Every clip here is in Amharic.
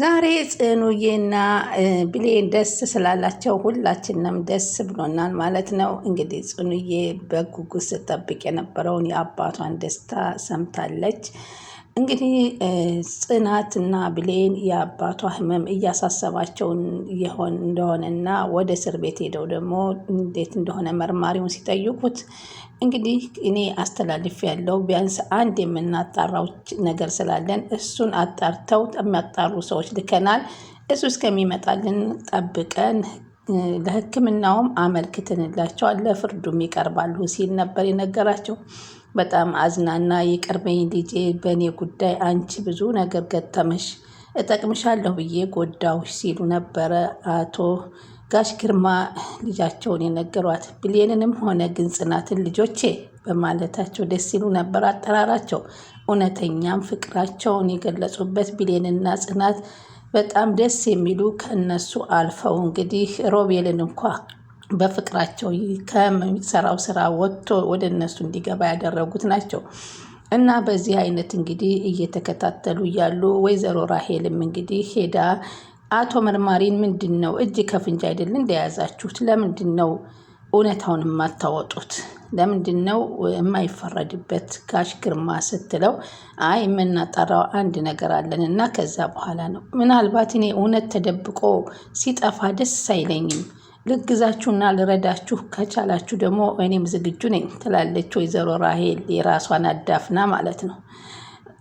ዛሬ ጽኑዬና ብሌን ደስ ስላላቸው ሁላችንም ደስ ብሎናል ማለት ነው። እንግዲህ ጽኑዬ በጉጉት ስጠብቅ የነበረውን የአባቷን ደስታ ሰምታለች። እንግዲህ ጽናትና ብሌን የአባቷ ህመም እያሳሰባቸው የሆን እንደሆነና ወደ እስር ቤት ሄደው ደግሞ እንዴት እንደሆነ መርማሪውን ሲጠይቁት እንግዲህ እኔ አስተላልፍ ያለው ቢያንስ አንድ የምናጣራው ነገር ስላለን እሱን አጣርተው የሚያጣሩ ሰዎች ልከናል። እሱ እስከሚመጣልን ጠብቀን ለሕክምናውም አመልክትንላቸዋል ለፍርዱም ይቀርባሉ ሲል ነበር የነገራቸው። በጣም አዝናና ይቅርበኝ ልጄ፣ በእኔ ጉዳይ አንቺ ብዙ ነገር ገጠመሽ፣ እጠቅምሻለሁ ብዬ ጎዳውሽ ሲሉ ነበረ አቶ ጋሽ ግርማ ልጃቸውን የነገሯት። ብሌንንም ሆነ ግን ጽናትን ልጆቼ በማለታቸው ደስ ሲሉ ነበር አጠራራቸው። እውነተኛም ፍቅራቸውን የገለጹበት ብሌንና ጽናት በጣም ደስ የሚሉ ከእነሱ አልፈው እንግዲህ ሮቤልን እንኳ በፍቅራቸው ከሚሰራው ስራ ወጥቶ ወደ እነሱ እንዲገባ ያደረጉት ናቸው። እና በዚህ አይነት እንግዲህ እየተከታተሉ እያሉ ወይዘሮ ራሄልም እንግዲህ ሄዳ አቶ መርማሪን ምንድን ነው እጅ ከፍንጅ አይደል እንደያዛችሁት? ለምንድን ነው እውነታውን የማታወጡት? ለምንድን ነው የማይፈረድበት ጋሽ ግርማ ስትለው፣ አይ የምናጣራው አንድ ነገር አለን እና ከዛ በኋላ ነው ምናልባት እኔ እውነት ተደብቆ ሲጠፋ ደስ አይለኝም ልግዛችሁና ልረዳችሁ ከቻላችሁ ደግሞ እኔም ዝግጁ ነኝ ትላለች ወይዘሮ ራሄል የራሷን አዳፍና ማለት ነው።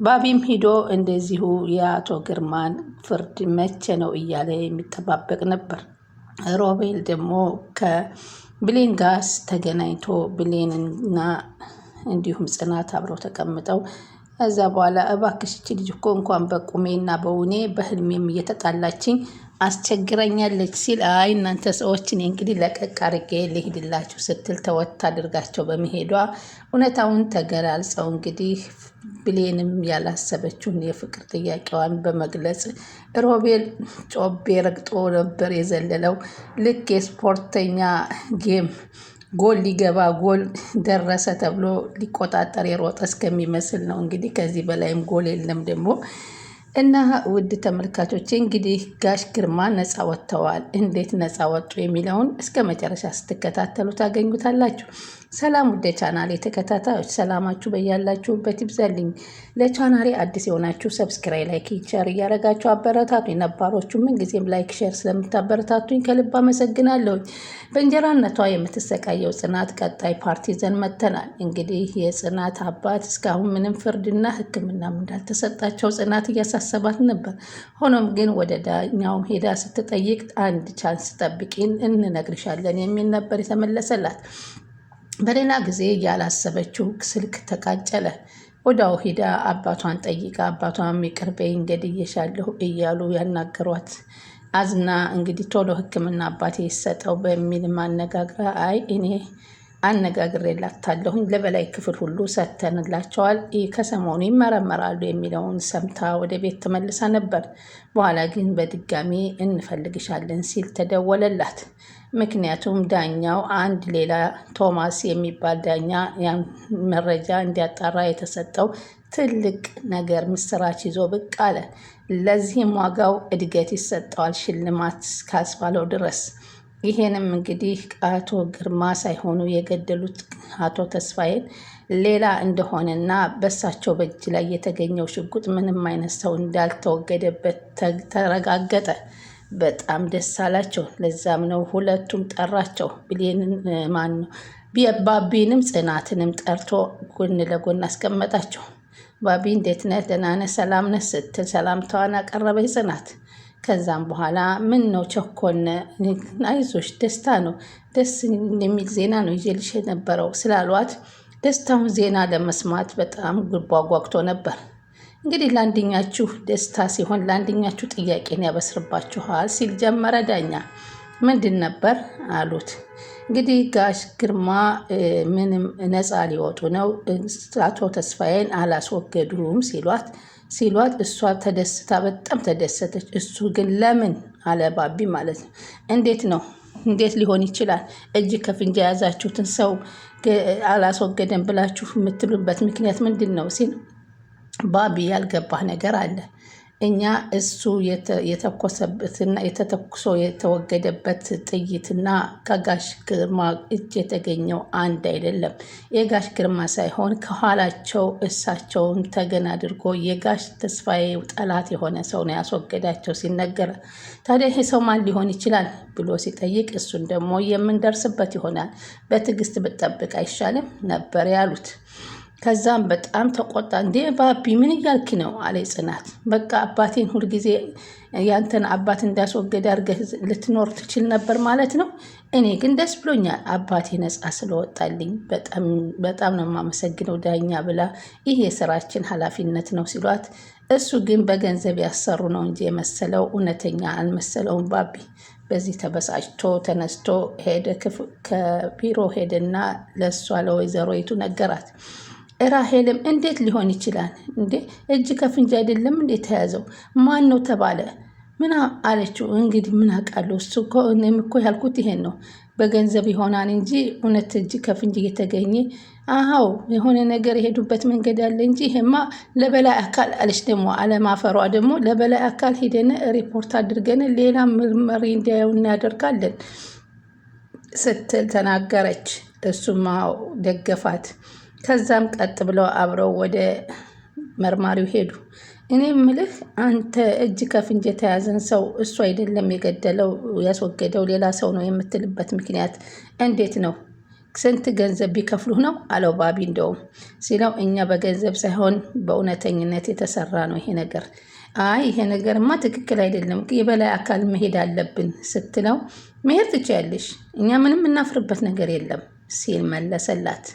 ባቢም ሂዶ እንደዚሁ የአቶ ግርማን ፍርድ መቼ ነው እያለ የሚጠባበቅ ነበር። ሮቤል ደግሞ ከብሌን ጋስ ተገናኝቶ ብሌንና እንዲሁም ጽናት አብረው ተቀምጠው ከዛ በኋላ እባክሽች ልጅ እኮ እንኳን በቁሜና በውኔ በህልሜም እየተጣላችኝ አስቸግረኛለች ሲል አይ እናንተ ሰዎችን እንግዲህ ለቀቅ ልሂድላችሁ ስትል ተወት አድርጋቸው በመሄዷ እውነታውን ተገላልጸው እንግዲህ ብሌንም ያላሰበችውን የፍቅር ጥያቄዋን በመግለጽ ሮቤል ጮቤ ረግጦ ነበር የዘለለው። ልክ የስፖርተኛ ጌም ጎል ሊገባ ጎል ደረሰ ተብሎ ሊቆጣጠር የሮጠ እስከሚመስል ነው። እንግዲህ ከዚህ በላይም ጎል የለም ደግሞ እና ውድ ተመልካቾች እንግዲህ ጋሽ ግርማ ነፃ ወጥተዋል። እንዴት ነፃ ወጡ የሚለውን እስከ መጨረሻ ስትከታተሉ ታገኙታላችሁ። ሰላም ውደ ቻናሌ ተከታታዮች ሰላማችሁ በያላችሁበት ይብዛልኝ። ለቻናሌ አዲስ የሆናችሁ ሰብስክራይ፣ ላይክ፣ ሼር እያደረጋችሁ አበረታቱኝ። ነባሮቹ ምንጊዜም ላይክ፣ ሼር ስለምታበረታቱኝ ከልብ አመሰግናለሁኝ። በእንጀራነቷ የምትሰቃየው ጽናት ቀጣይ ፓርቲ ይዘን መጥተናል። እንግዲህ የጽናት አባት እስካሁን ምንም ፍርድና ሕክምናም እንዳልተሰጣቸው ጽናት እያሳሰባት ነበር። ሆኖም ግን ወደ ዳኛውም ሄዳ ስትጠይቅ አንድ ቻንስ ጠብቂን እንነግርሻለን የሚል ነበር የተመለሰላት። በሌላ ጊዜ ያላሰበችው ስልክ ተቃጨለ። ወዳው ሂዳ አባቷን ጠይቃ አባቷም ይቅር በይኝ እየሻለሁ እያሉ ያናገሯት። አዝና እንግዲህ ቶሎ ሕክምና አባቴ ይሰጠው በሚል ማነጋግራ አይ እኔ አነጋግሬላታለሁኝ ለበላይ ክፍል ሁሉ ሰተንላቸዋል፣ ከሰሞኑ ይመረመራሉ የሚለውን ሰምታ ወደ ቤት ተመልሳ ነበር። በኋላ ግን በድጋሚ እንፈልግሻለን ሲል ተደወለላት። ምክንያቱም ዳኛው አንድ ሌላ ቶማስ የሚባል ዳኛ ያን መረጃ እንዲያጣራ የተሰጠው ትልቅ ነገር ምስራች ይዞ ብቅ አለ። ለዚህም ዋጋው እድገት ይሰጠዋል ሽልማት ካስባለው ድረስ። ይሄንም እንግዲህ አቶ ግርማ ሳይሆኑ የገደሉት አቶ ተስፋዬን ሌላ እንደሆነና በእሳቸው በእጅ ላይ የተገኘው ሽጉጥ ምንም አይነት ሰው እንዳልተወገደበት ተረጋገጠ። በጣም ደስ አላቸው። ለዛም ነው ሁለቱም ጠራቸው። ብሌንን ማን ነው ባቢንም ጽናትንም ጠርቶ ጎን ለጎን አስቀመጣቸው። ባቢ እንዴት ነህ? ደህና ነህ? ሰላም ነህ? ስትል ሰላምታዋን አቀረበች ጽናት። ከዛም በኋላ ምን ነው ቸኮነ? አይዞሽ ደስታ ነው፣ ደስ የሚል ዜና ነው ይዤልሽ የነበረው ስላሏት ደስታውን ዜና ለመስማት በጣም ጉጓጓግቶ ነበር። እንግዲህ ለአንደኛችሁ ደስታ ሲሆን ለአንደኛችሁ ጥያቄን ያበስርባችኋል ሲል ጀመረ ዳኛ። ምንድን ነበር አሉት። እንግዲህ ጋሽ ግርማ ምንም ነፃ ሊወጡ ነው አቶ ተስፋዬን አላስወገዱም ሲሏት ሲሏት እሷ ተደስታ በጣም ተደሰተች። እሱ ግን ለምን አለ ባቢ ማለት ነው። እንዴት ነው እንዴት ሊሆን ይችላል? እጅ ከፍንጅ የያዛችሁትን ሰው አላስወገደን ብላችሁ የምትሉበት ምክንያት ምንድን ነው ሲል ባቢ ያልገባህ ነገር አለ። እኛ እሱ የተኮሰበትና የተተኩሶ የተወገደበት ጥይትና ከጋሽ ግርማ እጅ የተገኘው አንድ አይደለም። የጋሽ ግርማ ሳይሆን ከኋላቸው እሳቸውን ተገን አድርጎ የጋሽ ተስፋዬ ጠላት የሆነ ሰው ነው ያስወገዳቸው ሲነገረ፣ ታዲያ ይሄ ሰው ማን ሊሆን ይችላል ብሎ ሲጠይቅ፣ እሱን ደግሞ የምንደርስበት ይሆናል በትዕግስት ብጠብቅ አይሻልም ነበር ያሉት። ከዛም በጣም ተቆጣ። እንዴ ባቢ ምን እያልክ ነው አለ ጽናት። በቃ አባቴን ሁልጊዜ ያንተን አባት እንዳስወገደ አድርገህ ልትኖር ትችል ነበር ማለት ነው። እኔ ግን ደስ ብሎኛል አባቴ ነፃ ስለወጣልኝ በጣም ነው የማመሰግነው ዳኛ ብላ ይህ የስራችን ኃላፊነት ነው ሲሏት፣ እሱ ግን በገንዘብ ያሰሩ ነው እንጂ የመሰለው እውነተኛ አልመሰለውም ባቢ በዚህ ተበሳጭቶ ተነስቶ ሄደ። ከቢሮ ሄደና ለእሷ ለወይዘሮይቱ ነገራት። ራሄልም እንዴት ሊሆን ይችላል እንዴ? እጅ ከፍንጅ አይደለም እንዴ ተያዘው? ማን ነው ተባለ? ምን አለችው? እንግዲህ ምን አውቃለሁ እሱ እኔም እኮ ያልኩት ይሄን ነው። በገንዘብ ይሆናል እንጂ እውነት እጅ ከፍንጅ እየተገኘ አሃው የሆነ ነገር የሄዱበት መንገድ አለ እንጂ ይሄማ ለበላይ አካል አለች። ደግሞ አለማፈሯ ደግሞ ለበላይ አካል ሄደን ሪፖርት አድርገን ሌላ ምርመሪ እንዲያየው እናደርጋለን ስትል ተናገረች። እሱማ ደገፋት። ከዛም ቀጥ ብለው አብረው ወደ መርማሪው ሄዱ። እኔ ምልህ አንተ እጅ ከፍንጅ የተያዘን ሰው እሱ አይደለም የገደለው ያስወገደው ሌላ ሰው ነው የምትልበት ምክንያት እንዴት ነው? ስንት ገንዘብ ቢከፍሉህ ነው አለው ባቢ። እንደውም ሲለው እኛ በገንዘብ ሳይሆን በእውነተኝነት የተሰራ ነው ይሄ ነገር። አይ ይሄ ነገርማ ትክክል አይደለም፣ የበላይ አካል መሄድ አለብን ስትለው መሄድ ትችያለሽ፣ እኛ ምንም እናፍርበት ነገር የለም ሲል መለሰላት።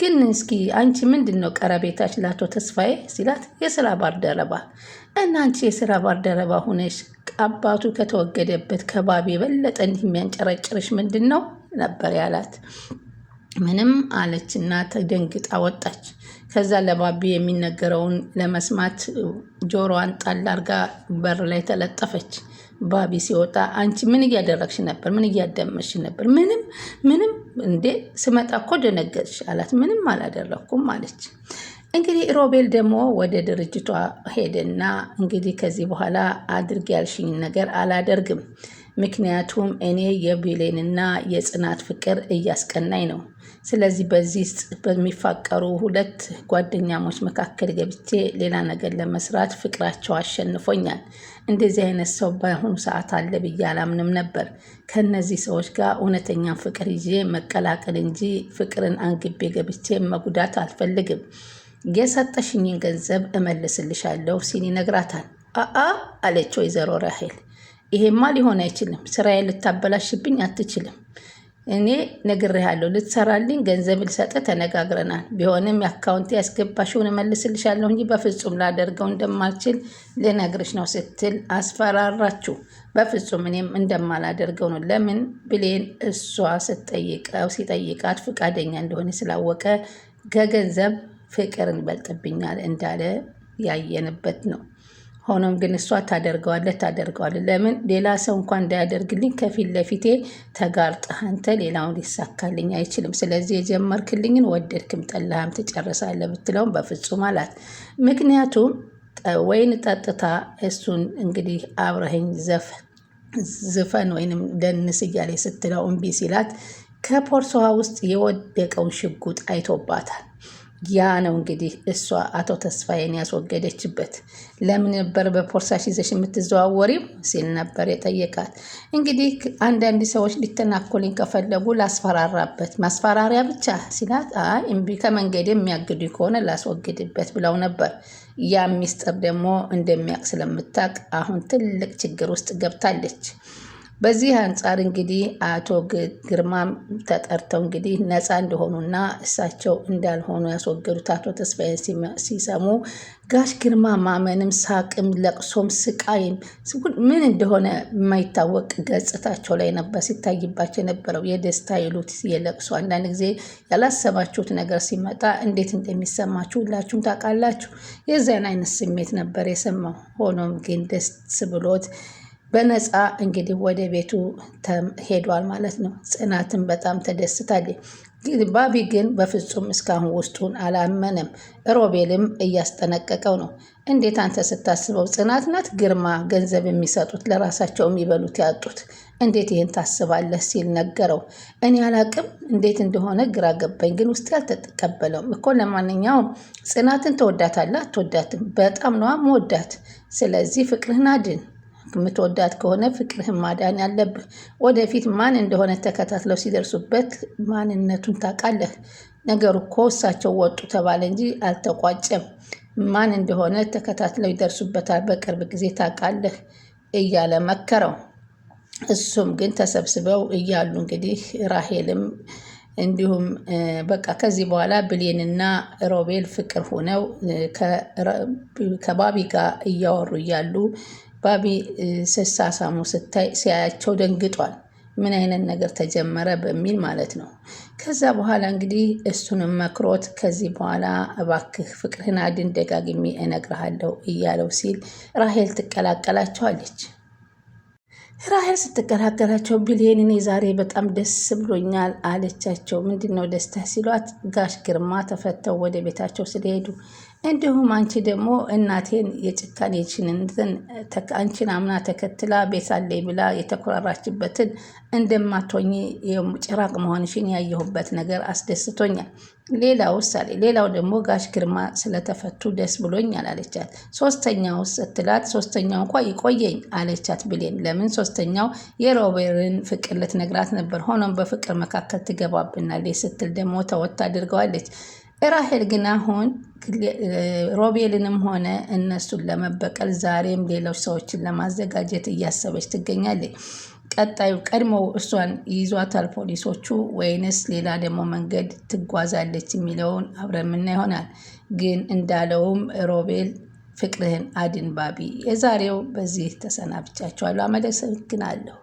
ግን እስኪ አንቺ ምንድን ነው ቀረቤታች ላቶ ተስፋዬ ሲላት የስራ ባልደረባ እና አንቺ የስራ ባልደረባ ሁነሽ አባቱ ከተወገደበት ከባቢ የበለጠ እንዲህ የሚያንጨረጭርሽ ምንድን ነው ነበር ያላት። ምንም አለችና ተደንግጣ ወጣች። ከዛ ለባቢ የሚነገረውን ለመስማት ጆሮዋን ጣል አርጋ በር ላይ ተለጠፈች። ባቢ ሲወጣ አንቺ ምን እያደረግሽ ነበር? ምን እያደመሽ ነበር? ምንም ምንም። እንዴ ስመጣ እኮ ደነገጥሽ አላት። ምንም አላደረግኩም አለች። እንግዲህ ሮቤል ደግሞ ወደ ድርጅቷ ሄደና እንግዲህ ከዚህ በኋላ አድርግ ያልሽኝ ነገር አላደርግም ምክንያቱም እኔ የብሌንና የጽናት ፍቅር እያስቀናኝ ነው። ስለዚህ በዚህ በሚፋቀሩ ሁለት ጓደኛሞች መካከል ገብቼ ሌላ ነገር ለመስራት ፍቅራቸው አሸንፎኛል። እንደዚህ አይነት ሰው በአሁኑ ሰዓት አለ ብዬ አላምንም ነበር። ከነዚህ ሰዎች ጋር እውነተኛ ፍቅር ይዤ መቀላቀል እንጂ ፍቅርን አንግቤ ገብቼ መጉዳት አልፈልግም። የሰጠሽኝን ገንዘብ እመልስልሻለሁ ሲል ይነግራታል። አአ አለች ወይዘሮ ራሄል ይሄማ ሊሆን አይችልም፣ ስራዬ ልታበላሽብኝ አትችልም። እኔ ነግሬሃለሁ፣ ልትሰራልኝ ገንዘብ ልሰጥህ ተነጋግረናል። ቢሆንም የአካውንት ያስገባሽውን እመልስልሻለሁ እንጂ በፍጹም ላደርገው እንደማልችል ልነግርሽ ነው ስትል አስፈራራችሁ። በፍጹም እኔም እንደማላደርገው ነው። ለምን ብሌን እሷ ስትጠይቀው ሲጠይቃት ፈቃደኛ እንደሆነ ስላወቀ ከገንዘብ ፍቅር እንበልጥብኛል እንዳለ ያየንበት ነው። ሆኖም ግን እሷ ታደርገዋለህ ታደርገዋለህ ለምን ሌላ ሰው እንኳን እንዳያደርግልኝ ከፊት ለፊቴ ተጋርጠህ አንተ ሌላውን ሊሳካልኝ አይችልም። ስለዚህ የጀመርክልኝን ወደድክም ጠላህም ትጨርሳለህ ብትለውም በፍጹም አላት። ምክንያቱም ወይን ጠጥታ እሱን እንግዲህ አብረህኝ ዘፍ ዝፈን ወይንም ደንስ እያለ ስትለው እምቢ ሲላት ከፖርሶዋ ውስጥ የወደቀውን ሽጉጥ አይቶባታል። ያ ነው እንግዲህ እሷ አቶ ተስፋዬን ያስወገደችበት። ለምን ነበር በፖርሳሽ ይዘሽ የምትዘዋወሪም ሲል ነበር የጠየቃት። እንግዲህ አንዳንድ ሰዎች ሊተናኮልኝ ከፈለጉ ላስፈራራበት፣ ማስፈራሪያ ብቻ ሲላት፣ እምቢ ከመንገድ የሚያግዱ ከሆነ ላስወግድበት ብለው ነበር። ያ ሚስጥር ደግሞ እንደሚያውቅ ስለምታውቅ አሁን ትልቅ ችግር ውስጥ ገብታለች። በዚህ አንጻር እንግዲህ አቶ ግርማም ተጠርተው እንግዲህ ነፃ እንደሆኑና እሳቸው እንዳልሆኑ ያስወገዱት አቶ ተስፋዬን ሲሰሙ ጋሽ ግርማ ማመንም ሳቅም ለቅሶም ስቃይም ምን እንደሆነ የማይታወቅ ገጽታቸው ላይ ነበር ሲታይባቸው የነበረው። የደስታ ይሉት የለቅሶ አንዳንድ ጊዜ ያላሰባችሁት ነገር ሲመጣ እንዴት እንደሚሰማችሁ ሁላችሁም ታውቃላችሁ። የዚያን አይነት ስሜት ነበር የሰማው። ሆኖም ግን ደስ ብሎት በነፃ እንግዲህ ወደ ቤቱ ሄዷል ማለት ነው። ጽናትን በጣም ተደስታለች። ባቢ ግን በፍጹም እስካሁን ውስጡን አላመነም። ሮቤልም እያስጠነቀቀው ነው። እንዴት አንተ ስታስበው ጽናት ናት ግርማ ገንዘብ የሚሰጡት ለራሳቸው የሚበሉት ያጡት እንዴት ይህን ታስባለህ ሲል ነገረው። እኔ አላቅም እንዴት እንደሆነ ግራ ገባኝ፣ ግን ውስጥ ያልተቀበለውም እኮ ለማንኛውም ጽናትን ተወዳታለህ አትወዳትም? በጣም ነዋ መወዳት። ስለዚህ ፍቅርህን አድን የምትወዳት ከሆነ ፍቅርህን ማዳን ያለብህ። ወደፊት ማን እንደሆነ ተከታትለው ሲደርሱበት ማንነቱን ታውቃለህ። ነገሩ እኮ እሳቸው ወጡ ተባለ እንጂ አልተቋጨም። ማን እንደሆነ ተከታትለው ይደርሱበታል፣ በቅርብ ጊዜ ታውቃለህ እያለ መከረው። እሱም ግን ተሰብስበው እያሉ እንግዲህ ራሄልም እንዲሁም በቃ ከዚህ በኋላ ብሌንና ሮቤል ፍቅር ሆነው ከባቢ ጋር እያወሩ እያሉ ባቢ ስሳሳሙ ስታይ ሲያያቸው ደንግጧል። ምን አይነት ነገር ተጀመረ በሚል ማለት ነው። ከዛ በኋላ እንግዲህ እሱንም መክሮት ከዚህ በኋላ እባክህ ፍቅርህን አድን ደጋግሜ እነግርሃለሁ እያለው ሲል ራሄል ትቀላቀላቸዋለች። ራሄል ስትቀላቀላቸው ብሌን እኔ ዛሬ በጣም ደስ ብሎኛል አለቻቸው። ምንድን ነው ደስታ ሲሏት ጋሽ ግርማ ተፈተው ወደ ቤታቸው ስለሄዱ እንዲሁም አንቺ ደግሞ እናቴን የጭካኔችንንትን አንቺን አምና ተከትላ ቤሳለይ ብላ የተኮራራችበትን እንደማትሆኝ ጭራቅ መሆንሽን ያየሁበት ነገር አስደስቶኛል። ሌላ ውሳሌ ሌላው ደግሞ ጋሽ ግርማ ስለተፈቱ ደስ ብሎኛል አለቻት። ሶስተኛው ስትላት ሶስተኛው እንኳ ይቆየኝ አለቻት ብሌን። ለምን ሶስተኛው የሮቤርን ፍቅር ልትነግራት ነበር። ሆኖም በፍቅር መካከል ትገባብናለች ስትል ደግሞ ተወት አድርገዋለች። ራሄል ግን አሁን ሮቤልንም ሆነ እነሱን ለመበቀል ዛሬም ሌሎች ሰዎችን ለማዘጋጀት እያሰበች ትገኛለች። ቀጣዩ ቀድሞው እሷን ይዟታል ፖሊሶቹ ወይንስ ሌላ ደግሞ መንገድ ትጓዛለች የሚለውን አብረምና ይሆናል። ግን እንዳለውም ሮቤል ፍቅርህን አድን ባቢ። የዛሬው በዚህ ተሰናብቻችኋለሁ። አመሰግናለሁ።